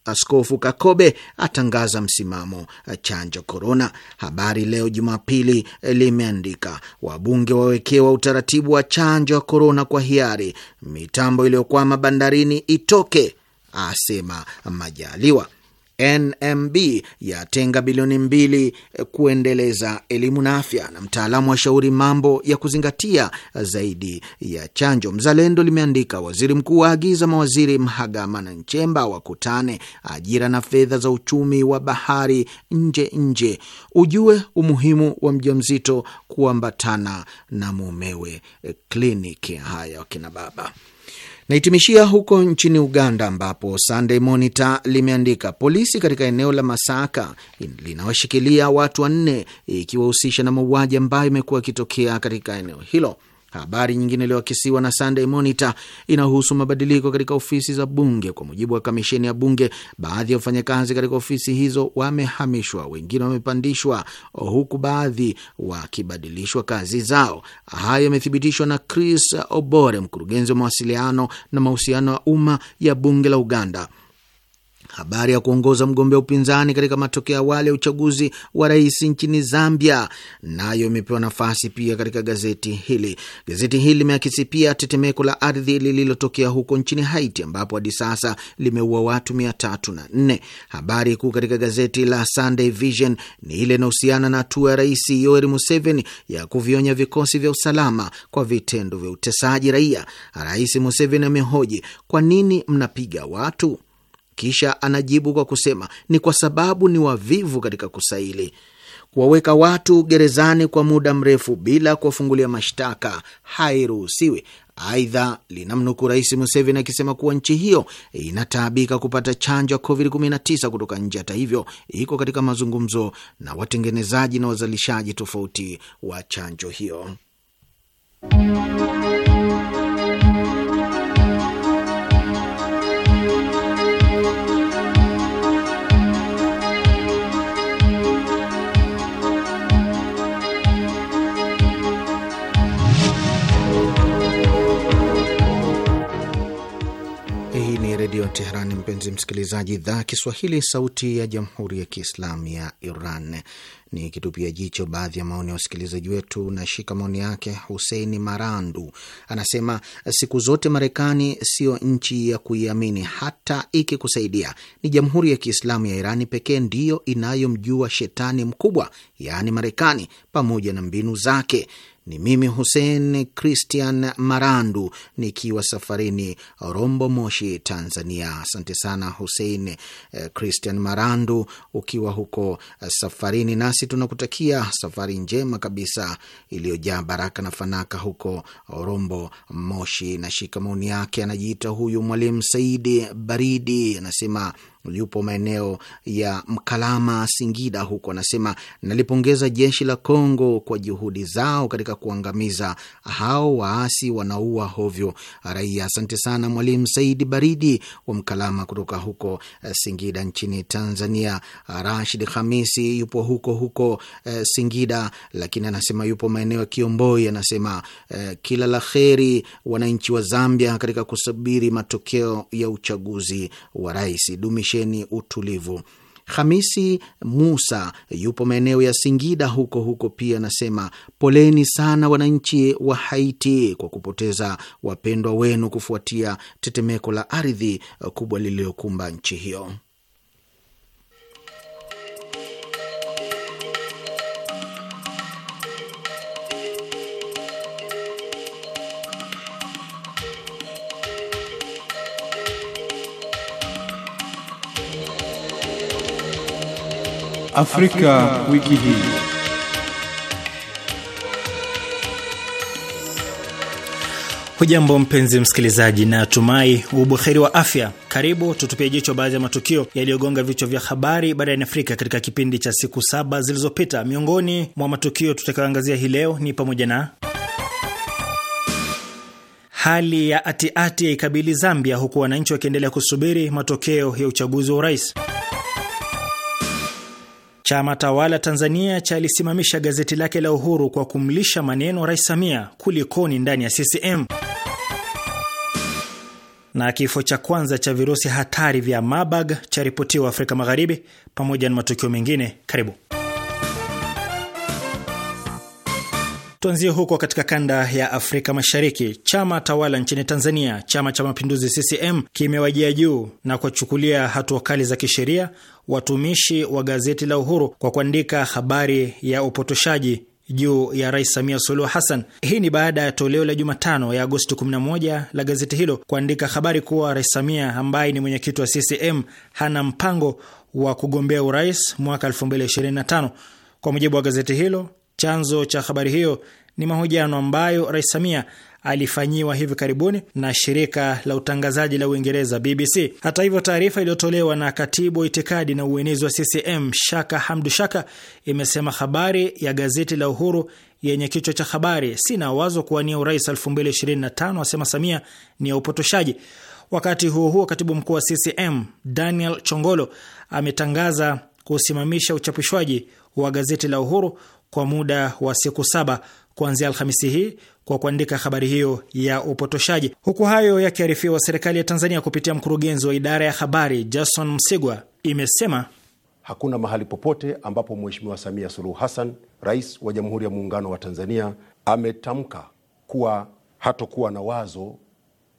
Askofu Kakobe atangaza msimamo eh, chanjo korona. Habari Leo Jumapili eh, limeandika wabunge wawekewa utaratibu wa chanjo ya korona kwa hiari, mitambo iliyokwama bandarini itoke asema Majaliwa. NMB yatenga bilioni mbili kuendeleza elimu na afya, na mtaalamu wa shauri mambo ya kuzingatia zaidi ya chanjo. Mzalendo limeandika waziri mkuu aagiza mawaziri Mhagama na Nchemba wakutane, ajira na fedha za uchumi wa bahari nje nje, ujue umuhimu wa mjamzito kuambatana na mumewe kliniki. Haya, wakina baba Naitimishia huko nchini Uganda, ambapo Sunday Monitor limeandika polisi katika eneo la Masaka linawashikilia watu wanne, ikiwahusisha na mauaji ambayo imekuwa ikitokea katika eneo hilo. Habari nyingine iliyoakisiwa na Sunday Monitor inahusu mabadiliko katika ofisi za bunge. Kwa mujibu wa kamisheni ya bunge, baadhi ya wafanyakazi katika ofisi hizo wamehamishwa, wengine wamepandishwa, huku baadhi wakibadilishwa kazi zao. Hayo yamethibitishwa na Chris Obore, mkurugenzi wa mawasiliano na mahusiano ya umma ya bunge la Uganda Habari ya kuongoza mgombea upinzani katika matokeo awali ya uchaguzi wa rais nchini Zambia nayo imepewa nafasi pia katika gazeti hili. Gazeti hili limeakisi pia tetemeko la ardhi lililotokea huko nchini Haiti, ambapo hadi sasa limeua watu mia tatu na nne. Habari kuu katika gazeti la Sunday Vision ni ile inahusiana na hatua ya Rais Yoweri Museveni ya kuvionya vikosi vya usalama kwa vitendo vya utesaji raia. Rais Museveni amehoji, kwa nini mnapiga watu? Kisha anajibu kwa kusema ni kwa sababu ni wavivu katika kusaili. Kuwaweka watu gerezani kwa muda mrefu bila kuwafungulia mashtaka hairuhusiwi. Aidha, linamnukuu Rais Museveni akisema kuwa nchi hiyo inataabika kupata chanjo ya COVID-19 kutoka nje. Hata hivyo, iko katika mazungumzo na watengenezaji na wazalishaji tofauti wa chanjo hiyo. Redio Teherani. Mpenzi msikilizaji, idhaa Kiswahili, sauti ya jamhuri ya kiislamu ya Iran. Ni kitupia jicho baadhi ya maoni ya wasikilizaji wetu, nashika maoni yake. Huseini Marandu anasema siku zote Marekani siyo nchi ya kuiamini, hata ikikusaidia. Ni jamhuri ya kiislamu ya Irani pekee ndiyo inayomjua shetani mkubwa, yaani Marekani, pamoja na mbinu zake ni mimi Hussein Christian Marandu nikiwa safarini Rombo, Moshi, Tanzania. Asante sana Hussein eh, Christian Marandu ukiwa huko eh, safarini, nasi tunakutakia safari njema kabisa iliyojaa baraka na fanaka huko Rombo, Moshi. Nashika maoni yake, anajiita huyu Mwalimu Saidi Baridi, anasema yupo maeneo ya Mkalama, Singida huko. Anasema nalipongeza jeshi la Kongo kwa juhudi zao katika kuangamiza hao waasi wanaua hovyo raia. Asante sana Mwalimu Saidi Baridi wa Mkalama kutoka huko eh, Singida nchini Tanzania. Rashid Hamisi yupo huko huko eh, Singida, lakini anasema yupo maeneo ya Kiomboi. Anasema eh, kila la kheri wananchi wa Zambia katika kusubiri matokeo ya uchaguzi wa rais. Dumish televisheni Utulivu. Hamisi Musa yupo maeneo ya Singida huko huko pia anasema, poleni sana wananchi wa Haiti kwa kupoteza wapendwa wenu kufuatia tetemeko la ardhi kubwa lililokumba nchi hiyo. Afrika, Afrika wiki hii. Hujambo mpenzi msikilizaji, na tumai ubuheri wa afya. Karibu tutupie jicho baadhi ya matukio yaliyogonga vichwa vya habari barani Afrika katika kipindi cha siku saba zilizopita. Miongoni mwa matukio tutakayoangazia hii leo ni pamoja na hali ya atiati yaikabili Zambia, huku wananchi wakiendelea kusubiri matokeo ya uchaguzi wa urais Chama tawala Tanzania chalisimamisha gazeti lake la Uhuru kwa kumlisha maneno Rais Samia kulikoni ndani ya CCM. Na kifo cha kwanza cha virusi hatari vya Marburg charipotiwa Afrika Magharibi, pamoja na matukio mengine. Karibu tuanzie huko katika kanda ya Afrika Mashariki. Chama tawala nchini Tanzania, Chama cha Mapinduzi CCM kimewajia juu na kuwachukulia hatua kali za kisheria watumishi wa gazeti la Uhuru kwa kuandika habari ya upotoshaji juu ya Rais Samia Suluhu Hassan. Hii ni baada ya toleo la Jumatano ya Agosti 11 la gazeti hilo kuandika habari kuwa Rais Samia ambaye ni mwenyekiti wa CCM hana mpango wa kugombea urais mwaka 2025. Kwa mujibu wa gazeti hilo, chanzo cha habari hiyo ni mahojiano ambayo Rais Samia alifanyiwa hivi karibuni na shirika la utangazaji la Uingereza BBC. Hata hivyo, taarifa iliyotolewa na katibu wa itikadi na uenezi wa CCM Shaka Hamdu Shaka imesema habari ya gazeti la Uhuru yenye kichwa cha habari sina wazo kuwania urais 2025 asema Samia ni ya upotoshaji. Wakati huo huo, katibu mkuu wa CCM Daniel Chongolo ametangaza kusimamisha uchapishwaji wa gazeti la Uhuru kwa muda wa siku saba kuanzia Alhamisi hii kwa kuandika habari hiyo ya upotoshaji. Huku hayo yakiarifiwa, serikali ya Tanzania kupitia mkurugenzi wa idara ya habari Jason Msigwa imesema hakuna mahali popote ambapo Mheshimiwa Samia Suluhu Hassan, rais wa Jamhuri ya Muungano wa Tanzania, ametamka kuwa hatokuwa na wazo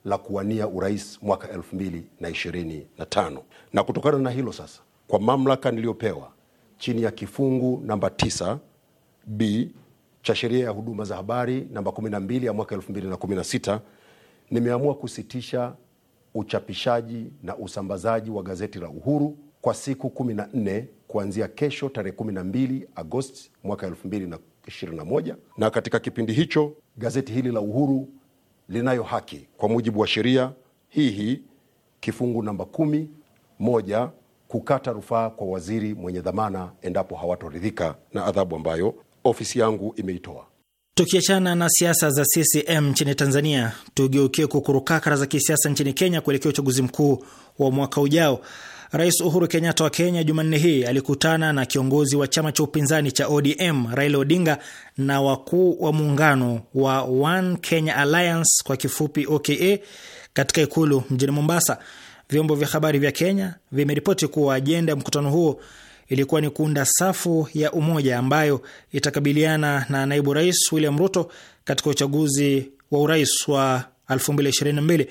la kuwania urais mwaka 2025 na kutokana na hilo sasa, kwa mamlaka niliyopewa chini ya kifungu namba 9 b cha sheria ya huduma za habari namba 12 ya mwaka 2016 nimeamua kusitisha uchapishaji na usambazaji wa gazeti la Uhuru kwa siku 14 kuanzia kesho tarehe 12 Agosti mwaka 2021, na katika kipindi hicho gazeti hili la Uhuru linayo haki kwa mujibu wa sheria hii hii kifungu namba kumi moja kukata rufaa kwa waziri mwenye dhamana endapo hawatoridhika na adhabu ambayo ofisi yangu imeitoa. Tukiachana na siasa za CCM nchini Tanzania, tugeukie kukurukakara za kisiasa nchini Kenya kuelekea uchaguzi mkuu wa mwaka ujao. Rais Uhuru Kenyatta wa Kenya Jumanne hii alikutana na kiongozi wa chama cha upinzani cha ODM Raila Odinga na wakuu wa muungano wa One Kenya Alliance kwa kifupi OKA katika ikulu mjini Mombasa. Vyombo vya habari vya Kenya vimeripoti kuwa ajenda ya mkutano huo ilikuwa ni kuunda safu ya umoja ambayo itakabiliana na naibu rais William Ruto katika uchaguzi wa urais wa 2022.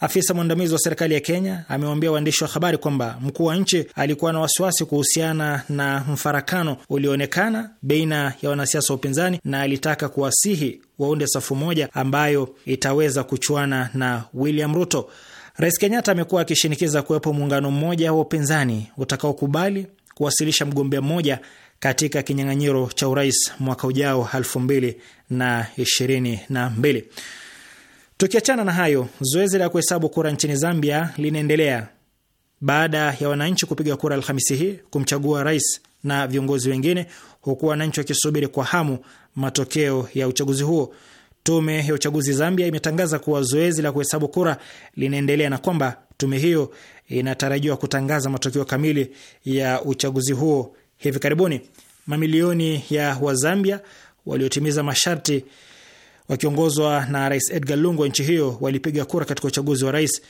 Afisa mwandamizi wa serikali ya Kenya amewaambia waandishi wa habari kwamba mkuu wa nchi alikuwa na wasiwasi kuhusiana na mfarakano ulioonekana baina ya wanasiasa wa upinzani na alitaka kuwasihi waunde safu moja ambayo itaweza kuchuana na William Ruto. Rais Kenyatta amekuwa akishinikiza kuwepo muungano mmoja wa upinzani utakaokubali kuwasilisha mgombea mmoja katika kinyang'anyiro cha urais mwaka ujao 2022. Tukiachana na hayo, zoezi la kuhesabu kura nchini Zambia linaendelea baada ya wananchi kupiga kura Alhamisi hii kumchagua rais na viongozi wengine, huku wananchi wakisubiri kwa hamu matokeo ya uchaguzi huo. Tume ya uchaguzi Zambia imetangaza kuwa zoezi la kuhesabu kura linaendelea na kwamba tume hiyo inatarajiwa kutangaza matokeo kamili ya uchaguzi huo hivi karibuni. Mamilioni ya Wazambia waliotimiza masharti wakiongozwa na Rais Edgar Lungu wa nchi hiyo walipiga kura katika uchaguzi wa rais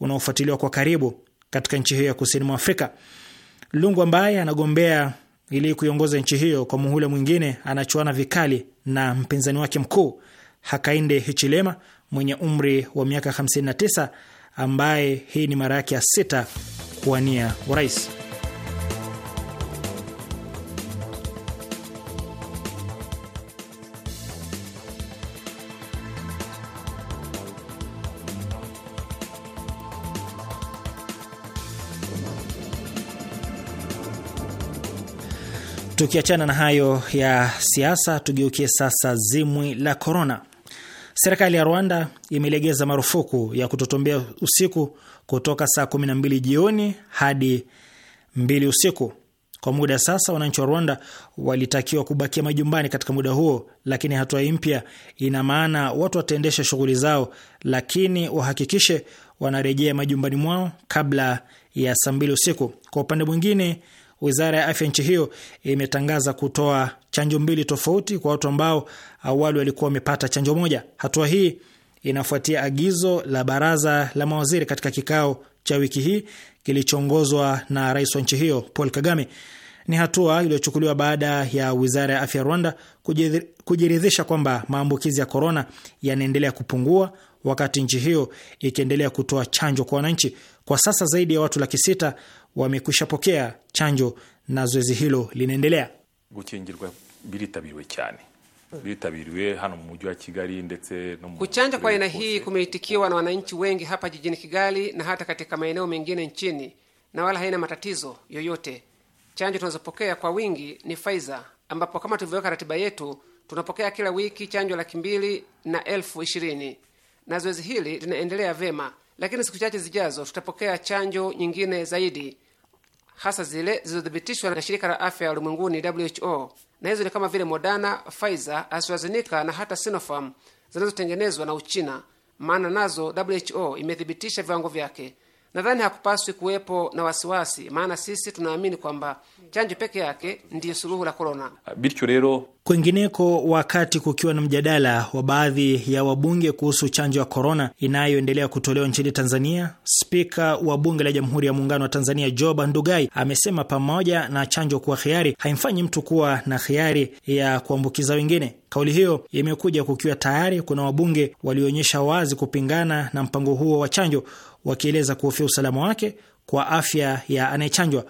unaofuatiliwa kwa karibu katika nchi hiyo ya kusini mwa Afrika. Lungu ambaye anagombea ili kuiongoza nchi hiyo kwa muhula mwingine, anachuana vikali na mpinzani wake mkuu Hakainde Hichilema mwenye umri wa miaka 59 ambaye hii ni mara yake ya sita kuwania urais. Tukiachana na hayo ya siasa, tugeukie sasa zimwi la korona. Serikali ya Rwanda imelegeza marufuku ya kutotombea usiku kutoka saa 12 jioni hadi 2 usiku. Kwa muda sasa, wananchi wa Rwanda walitakiwa kubakia majumbani katika muda huo, lakini hatua hii mpya ina maana watu wataendesha shughuli zao, lakini wahakikishe wanarejea majumbani mwao kabla ya saa mbili usiku. Kwa upande mwingine, wizara ya afya nchi hiyo imetangaza kutoa chanjo mbili tofauti kwa watu ambao awali walikuwa wamepata chanjo moja. Hatua hii inafuatia agizo la baraza la mawaziri katika kikao cha wiki hii kilichoongozwa na rais wa nchi hiyo Paul Kagame. Ni hatua iliyochukuliwa baada ya wizara ya afya ya Rwanda kujiridhisha kwamba maambukizi ya korona yanaendelea kupungua, wakati nchi hiyo ikiendelea kutoa chanjo kwa wananchi. Kwa sasa zaidi ya watu laki sita wamekwisha pokea chanjo na zoezi hilo linaendelea biritabiriwe cyane vilitabiriwe hano mu mujyi wa Kigali ndetse no mu kuchanja kwa aina hii kumeitikiwa na wananchi wengi hapa jijini Kigali na hata katika maeneo mengine nchini, na wala haina matatizo yoyote. Chanjo tunazopokea kwa wingi ni Pfizer, ambapo kama tulivyoweka ratiba yetu tunapokea kila wiki chanjo laki mbili na elfu ishirini na zoezi hili linaendelea vema, lakini siku chache zijazo tutapokea chanjo nyingine zaidi, hasa zile zilizothibitishwa na shirika la afya ulimwenguni WHO na hizo ni kama vile Moderna, Pfizer, AstraZeneca na hata Sinopharm zinazotengenezwa na Uchina, maana nazo WHO imethibitisha viwango vyake Nadhani hakupaswi kuwepo na wasiwasi, maana sisi tunaamini kwamba chanjo peke yake ndiyo suluhu la korona. rero Kwingineko, wakati kukiwa na mjadala wa baadhi ya wabunge kuhusu chanjo ya korona inayoendelea kutolewa nchini Tanzania, spika wa bunge la Jamhuri ya Muungano wa Tanzania Joba Ndugai amesema pamoja na chanjo kuwa hiari haimfanyi mtu kuwa na hiari ya kuambukiza wengine. Kauli hiyo imekuja kukiwa tayari kuna wabunge walioonyesha wazi kupingana na mpango huo wa chanjo, wakieleza kuhofia usalama wake kwa afya ya anayechanjwa.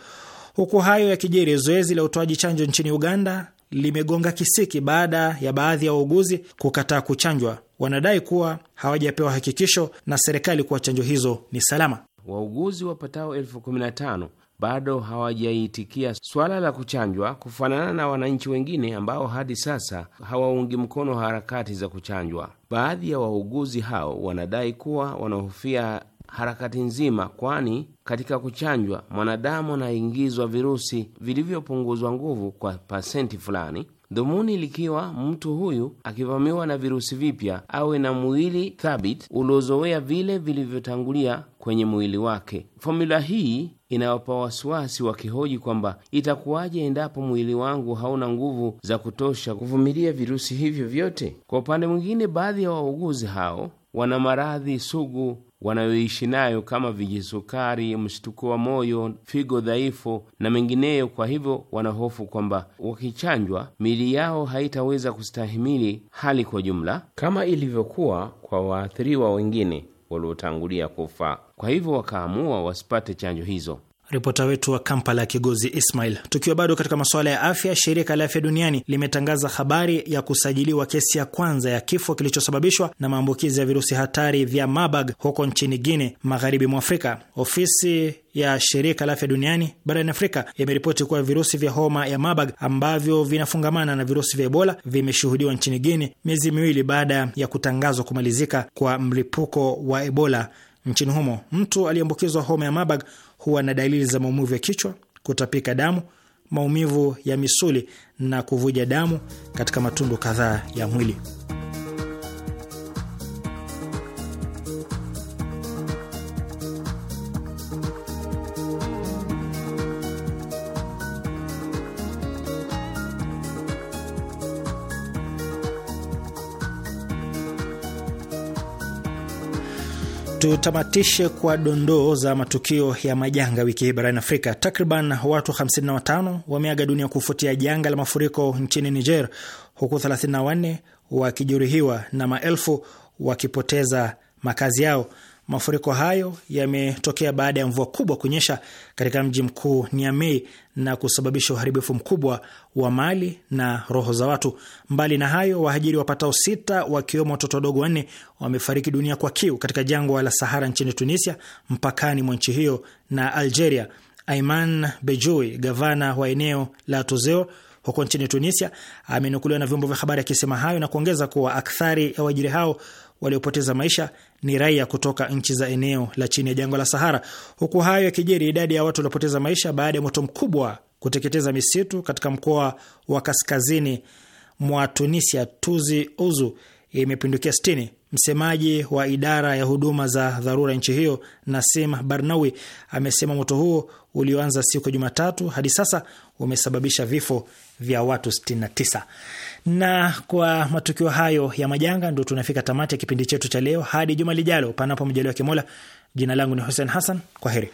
Huku hayo ya kijeri, zoezi la utoaji chanjo nchini Uganda limegonga kisiki baada ya baadhi ya wauguzi kukataa kuchanjwa. Wanadai kuwa hawajapewa hakikisho na serikali kuwa chanjo hizo ni salama. Wauguzi wapatao elfu kumi na tano bado hawajaitikia swala la kuchanjwa, kufanana na wananchi wengine ambao hadi sasa hawaungi mkono harakati za kuchanjwa. Baadhi ya wauguzi hao wanadai kuwa wanahofia harakati nzima, kwani katika kuchanjwa mwanadamu anaingizwa virusi vilivyopunguzwa nguvu kwa pasenti fulani, dhumuni likiwa mtu huyu akivamiwa na virusi vipya awe na mwili thabiti uliozoea vile vilivyotangulia kwenye mwili wake. Fomula hii inawapa wasiwasi wakihoji kwamba itakuwaje endapo mwili wangu hauna nguvu za kutosha kuvumilia virusi hivyo vyote. Kwa upande mwingine, baadhi ya wauguzi hao wana maradhi sugu wanayoishi nayo kama vijisukari, mshtuko wa moyo, figo dhaifu na mengineyo. Kwa hivyo wanahofu kwamba wakichanjwa miili yao haitaweza kustahimili hali kwa jumla, kama ilivyokuwa kwa waathiriwa wengine waliotangulia kufa. Kwa hivyo wakaamua wasipate chanjo hizo ripota wetu wa Kampala ya Kigozi Ismail. Tukiwa bado katika masuala ya afya, shirika la afya duniani limetangaza habari ya kusajiliwa kesi ya kwanza ya kifo kilichosababishwa na maambukizi ya virusi hatari vya Marburg huko nchini Guine, magharibi mwa Afrika. Ofisi ya shirika la afya duniani barani Afrika imeripoti kuwa virusi vya homa ya Marburg ambavyo vinafungamana na virusi vya Ebola vimeshuhudiwa nchini Guine miezi miwili baada ya kutangazwa kumalizika kwa mlipuko wa Ebola nchini humo. Mtu aliyeambukizwa homa ya Marburg huwa na dalili za maumivu ya kichwa, kutapika damu, maumivu ya misuli na kuvuja damu katika matundu kadhaa ya mwili. Tutamatishe kwa dondoo za matukio ya majanga wiki hii barani Afrika. Takriban watu 55 wameaga dunia kufuatia janga la mafuriko nchini Niger, huku 34 wakijeruhiwa na maelfu wakipoteza makazi yao. Mafuriko hayo yametokea baada ya mvua kubwa kunyesha katika mji mkuu Niamey na kusababisha uharibifu mkubwa wa mali na roho za watu. Mbali na hayo, wahajiri wapatao sita wakiwemo watoto wadogo wanne wamefariki dunia kwa kiu katika jangwa la Sahara nchini Tunisia, mpakani mwa nchi hiyo na Algeria. Aiman Bejoui, gavana wa eneo la Tozeo huko nchini Tunisia, amenukuliwa na vyombo vya habari akisema hayo na kuongeza kuwa akthari ya waajiri hao waliopoteza maisha ni raia kutoka nchi za eneo la chini ya jangwa la Sahara. Huku hayo yakijiri idadi ya watu waliopoteza maisha baada ya moto mkubwa kuteketeza misitu katika mkoa wa kaskazini mwa Tunisia, Tuzi Uzu, imepindukia s Msemaji wa idara ya huduma za dharura nchi hiyo Nasim Barnawi amesema moto huo ulioanza siku ya Jumatatu hadi sasa umesababisha vifo vya watu 69. Na kwa matukio hayo ya majanga, ndio tunafika tamati ya kipindi chetu cha leo. Hadi juma lijalo, panapo mjaliwa Kimola. Jina langu ni Hussein Hassan, kwa heri.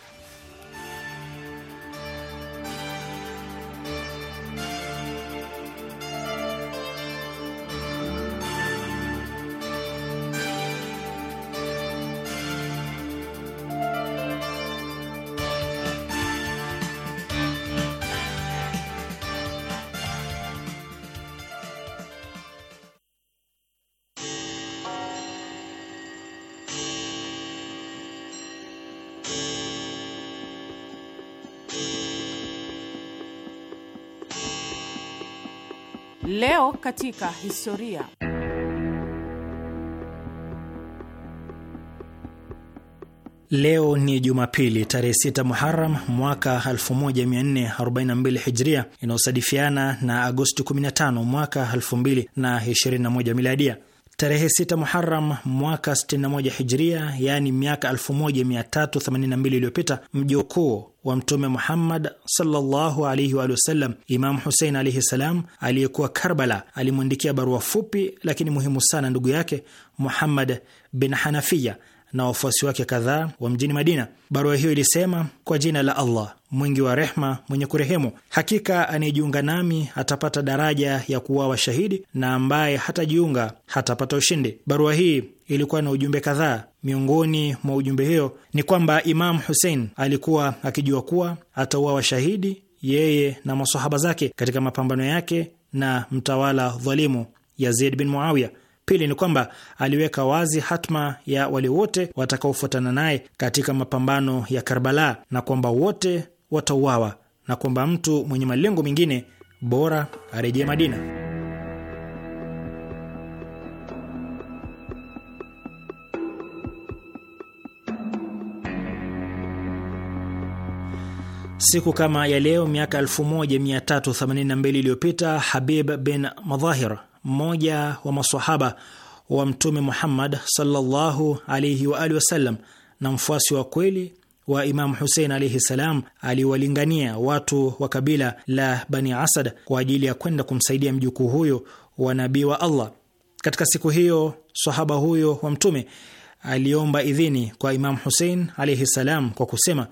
katika historia. Leo ni Jumapili tarehe sita Muharam mwaka 1442 Hijria, inayosadifiana na Agosti 15 mwaka 2021 Miladia. Tarehe sita Muharam mwaka 61 Hijria, yaani miaka 1382 iliyopita, mji wa Mtume Muhammad sallallahu alaihi wa sallam, imamu Husein alaihi salam aliyekuwa Karbala alimwandikia barua fupi lakini muhimu sana ndugu yake Muhammad bin Hanafiya na wafuasi wake kadhaa wa mjini Madina. Barua hiyo ilisema: kwa jina la Allah mwingi wa rehma, mwenye kurehemu, hakika anayejiunga nami atapata daraja ya kuuawa shahidi, na ambaye hatajiunga hatapata ushindi. Barua hii ilikuwa na ujumbe kadhaa. Miongoni mwa ujumbe hiyo ni kwamba Imam Husein alikuwa akijua kuwa atauawa shahidi, yeye na masahaba zake, katika mapambano yake na mtawala dhalimu Yazid bin Muawiya. Pili ni kwamba aliweka wazi hatma ya wale wote watakaofuatana naye katika mapambano ya Karbala na kwamba wote watauawa na kwamba mtu mwenye malengo mengine bora arejee Madina. Siku kama ya leo miaka 1382 iliyopita Habib bin Madhahir mmoja wa masahaba wa Mtume Muhammad sallallahu alaihi wa alihi wasallam na mfuasi wa kweli wa Imamu Husein alaihi salam aliwalingania watu wa kabila la Bani Asad kwa ajili ya kwenda kumsaidia mjukuu huyo wa nabii wa Allah. Katika siku hiyo sahaba huyo wa Mtume aliomba idhini kwa Imamu Husein alaihi salam kwa kusema: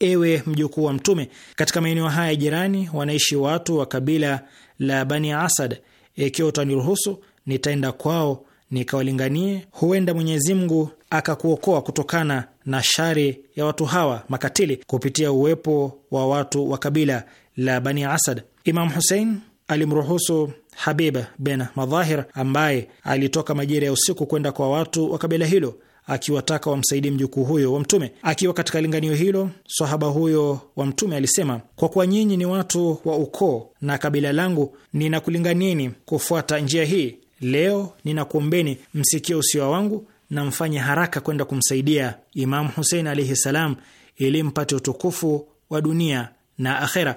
ewe mjukuu wa Mtume, katika maeneo haya jirani wanaishi watu wa kabila la Bani Asad ikiwa utaniruhusu nitaenda kwao nikawalinganie, huenda Mwenyezi Mungu akakuokoa kutokana na shari ya watu hawa makatili kupitia uwepo wa watu wa kabila la Bani Asad. Imam husein alimruhusu Habib bin Madhahir ambaye alitoka majira ya usiku kwenda kwa watu wa kabila hilo akiwataka wamsaidie mjukuu huyo wa Mtume. Akiwa katika linganio hilo, sahaba huyo wa Mtume alisema, kwa kuwa nyinyi ni watu wa ukoo na kabila langu, ninakulinganieni kufuata njia hii. Leo ninakuombeni msikie usia wangu na mfanye haraka kwenda kumsaidia Imamu Husein alaihi salam, ili mpate utukufu wa dunia na akhera.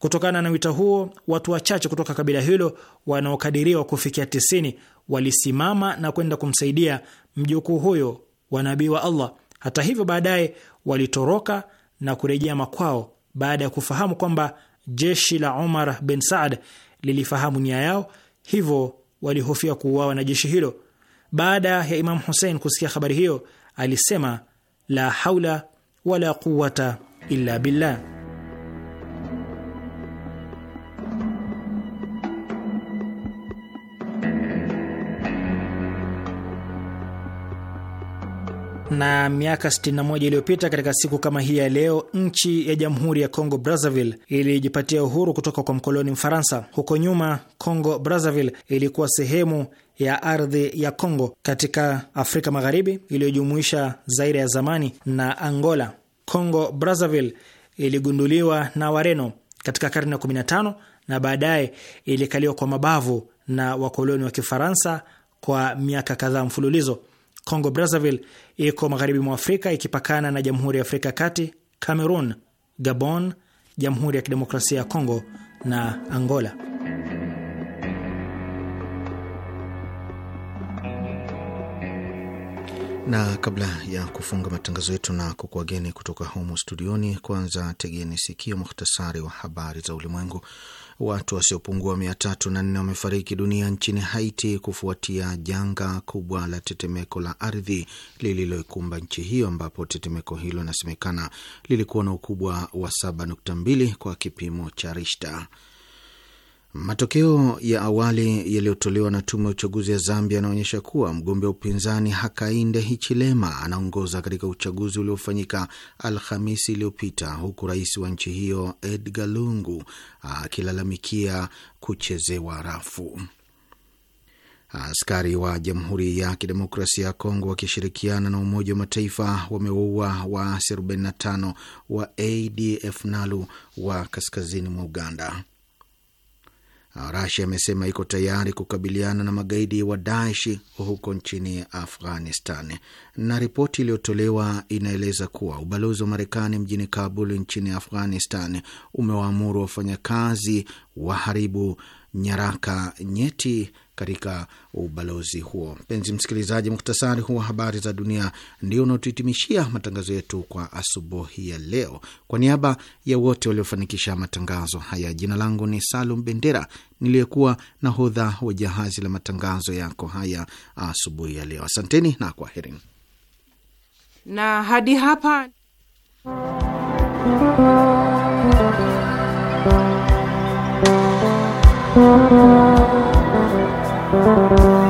Kutokana na wito huo, watu wachache kutoka kabila hilo wanaokadiriwa kufikia tisini walisimama na kwenda kumsaidia mjukuu huyo wa nabii wa Allah. Hata hivyo, baadaye walitoroka na kurejea makwao baada ya kufahamu kwamba jeshi la Umar bin Saad lilifahamu nia yao, hivyo walihofia kuuawa na jeshi hilo. Baada ya imam Husein kusikia habari hiyo, alisema la haula wala quwata illa billah. na miaka 61 iliyopita katika siku kama hii ya leo, nchi ya Jamhuri ya Congo Brazzaville ilijipatia uhuru kutoka kwa mkoloni Mfaransa. Huko nyuma, Congo Brazzaville ilikuwa sehemu ya ardhi ya Congo katika Afrika Magharibi iliyojumuisha Zaire ya zamani na Angola. Congo Brazzaville iligunduliwa na Wareno katika karne ya 15 na baadaye ilikaliwa kwa mabavu na wakoloni wa Kifaransa kwa miaka kadhaa mfululizo. Congo Brazzaville iko magharibi mwa Afrika ikipakana na Jamhuri ya Afrika ya Kati, Cameroon, Gabon, Jamhuri ya Kidemokrasia ya Kongo na Angola. Na kabla ya kufunga matangazo yetu na kukuageni kutoka humo studioni, kwanza tegeni sikio muhtasari wa habari za ulimwengu. Watu wasiopungua mia tatu na nne wamefariki dunia nchini Haiti kufuatia janga kubwa la tetemeko la ardhi lililoikumba nchi hiyo, ambapo tetemeko hilo inasemekana lilikuwa na ukubwa wa 7.2 kwa kipimo cha Rishta. Matokeo ya awali yaliyotolewa na tume ya uchaguzi ya Zambia yanaonyesha kuwa mgombea wa upinzani Hakainde Hichilema anaongoza katika uchaguzi uliofanyika Alhamisi iliyopita, huku rais wa nchi hiyo Edgar Lungu akilalamikia kuchezewa rafu. Askari wa Jamhuri ya Kidemokrasia ya Kongo wakishirikiana na Umoja wa Mataifa wamewaua waasi 45 wa ADF NALU wa kaskazini mwa Uganda. Rasia amesema iko tayari kukabiliana na magaidi wa Daeshi huko nchini Afghanistan. Na ripoti iliyotolewa inaeleza kuwa ubalozi wa Marekani mjini Kabul nchini Afghanistan umewaamuru wafanyakazi waharibu nyaraka nyeti katika ubalozi huo. Mpenzi msikilizaji, muktasari huu wa habari za dunia ndio unaotuhitimishia matangazo yetu kwa asubuhi ya leo. Kwa niaba ya wote waliofanikisha matangazo haya, jina langu ni Salum Bendera niliyekuwa nahodha wa jahazi la matangazo yako haya asubuhi ya leo. Asanteni na kwaheri na hadi hapa Thank you.